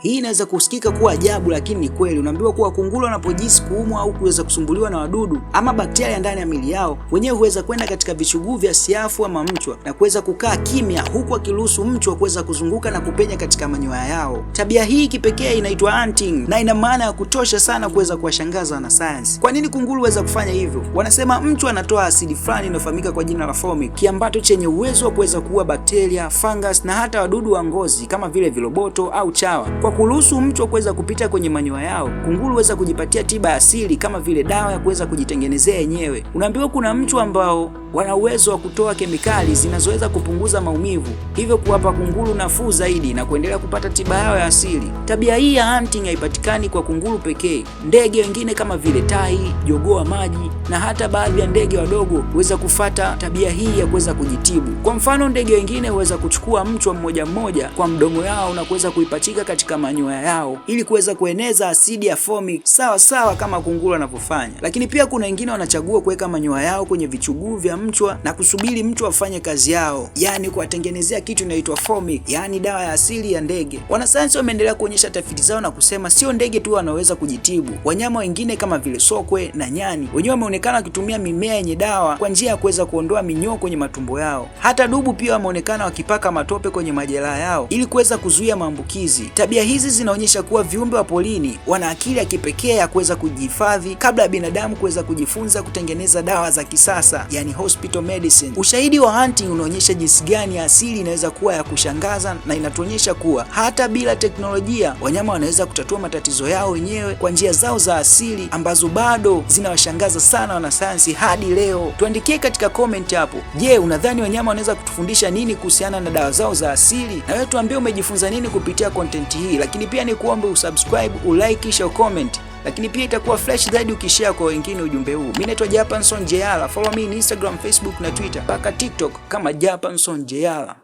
Hii inaweza kusikika kuwa ajabu, lakini ni kweli. Unaambiwa kuwa kunguru wanapojisi kuumwa au kuweza kusumbuliwa na wadudu ama bakteria ndani ya mili yao, wenyewe huweza kwenda katika vichuguu vya siafu ama mchwa na kuweza kukaa kimya, huku akiruhusu mchwa kuweza kuzunguka na kupenya katika manyoya yao. Tabia hii kipekee inaitwa hunting na ina maana ya kutosha sana kuweza kuwashangaza wanasayansi. Kwa nini kunguru huweza kufanya hivyo? Wanasema mchwa anatoa asidi fulani inayofahamika kwa jina la formic, kiambato chenye uwezo wa kuweza kuua bakteria, fungus na hata wadudu wa ngozi kama vile viroboto au chawa. Kwa kuruhusu mchwa kuweza kupita kwenye manyoya yao, kunguru huweza kujipatia tiba asili kama vile dawa ya kuweza kujitengenezea yenyewe. Unaambiwa kuna mchwa ambao wana uwezo wa kutoa kemikali zinazoweza kupunguza maumivu, hivyo kuwapa kunguru nafuu zaidi na kuendelea kupata tiba yao ya asili. Tabia hii ya hunting haipatikani kwa kunguru pekee. Ndege wengine kama vile tai, jogoo wa maji na hata baadhi ya ndege wadogo huweza kufata tabia hii ya kuweza kujitibu. Kwa mfano, ndege wengine huweza kuchukua mchwa mmoja mmoja kwa mdomo yao na kuweza kuipachika katika katika manyoya yao ili kuweza kueneza asidi ya fomic sawa sawa kama kunguru wanavyofanya. Lakini pia kuna wengine wanachagua kuweka manyoya yao kwenye vichuguu vya mchwa na kusubiri mchwa afanye kazi yao, yani kuwatengenezea kitu inaitwa fomic, yani dawa ya asili ya ndege. Wanasayansi wameendelea kuonyesha tafiti zao na kusema sio ndege tu wanaweza kujitibu, wanyama wengine kama vile sokwe na nyani wenyewe wameonekana wakitumia mimea yenye dawa kwa njia ya kuweza kuondoa minyoo kwenye matumbo yao. Hata dubu pia wameonekana wakipaka matope kwenye majeraha yao ili kuweza kuzuia maambukizi. Tabia hizi zinaonyesha kuwa viumbe wa polini wana akili ya kipekee ya kuweza kujihifadhi kabla ya binadamu kuweza kujifunza kutengeneza dawa za kisasa, yani hospital medicine. Ushahidi wa Hunting unaonyesha jinsi gani asili inaweza kuwa ya kushangaza na inatuonyesha kuwa hata bila teknolojia wanyama wanaweza kutatua matatizo yao wenyewe kwa njia zao za asili ambazo bado zinawashangaza sana wanasayansi hadi leo. Tuandikie katika comment hapo, je, unadhani wanyama wanaweza kutufundisha nini kuhusiana na dawa zao za asili? Na wewe tuambie umejifunza nini kupitia content hii hii, lakini pia ni kuombe usubscribe, ulike, kisha ucomment, lakini pia itakuwa fresh zaidi ukishare kwa wengine ujumbe huu. Mimi naitwa Japanson Jeyala, follow me in Instagram, Facebook na Twitter, mpaka TikTok kama Japanson Jeala.